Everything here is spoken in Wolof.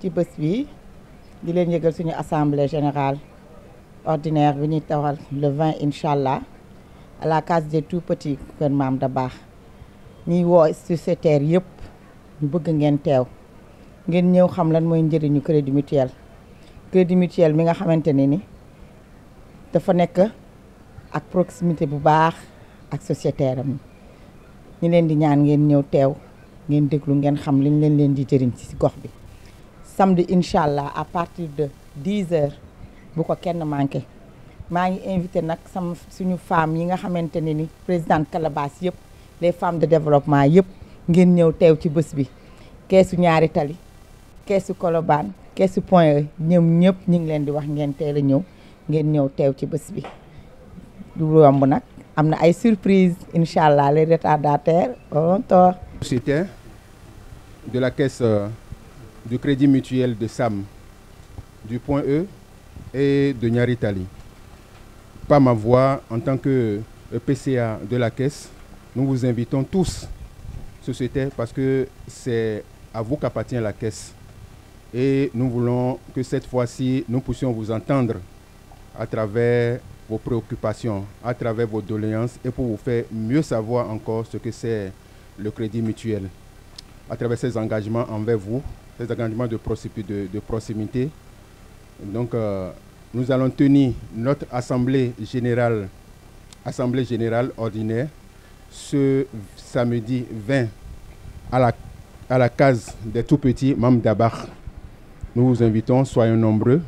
ci bés bi di leen yëgal suñu assemblée générale ordinaire bi ñuy tawal le 20 inshallah à la case des tout petits kër Maam Dabakh ñuy woo sociétaires yëpp ñu bëgg ngeen teew ngeen ñëw xam lan mooy njëriñu crédit mutuel crédit mutuel mi nga xamante ni dafa nekk ak proximité bu baax ak sociétaire am ñu leen di ñaan ngeen ñëw teew ngeen déglu ngeen xam liñ leen leen di jëriñ ci gox bi samedi incha allah à partir de 10 h bu ko kenn manqué ma ngi invité nak sama suñu femmes yi nga xamanteni ni présidente Calabas yep les femmes de développement yep ngeen ñew tew ci bëss bi caisse ñaari tali caisse Colobane caisse Point E ñep ñëpp ñu ngi leen di wax ngeen teel a ñëw ngeen ñew tew ci bëss bi du yomb nak amna ay surprise incha les retardataires on de la caisse euh, du Crédit Mutuel de SAM, du Point E et de Nyaritali. Par ma voix, en tant que e PCA de la Caisse, nous vous invitons tous, société, parce que c'est à vous qu'appartient la Caisse. Et nous voulons que cette fois-ci, nous puissions vous entendre à travers vos préoccupations, à travers vos doléances et pour vous faire mieux savoir encore ce que c'est le crédit mutuel, à travers ses engagements envers vous, les de, de, de proximité. Donc, euh, nous allons tenir notre assemblée générale, assemblée générale ordinaire ce samedi 20 à la, à la case des tout-petits Mamdabar. Nous vous invitons, soyons nombreux.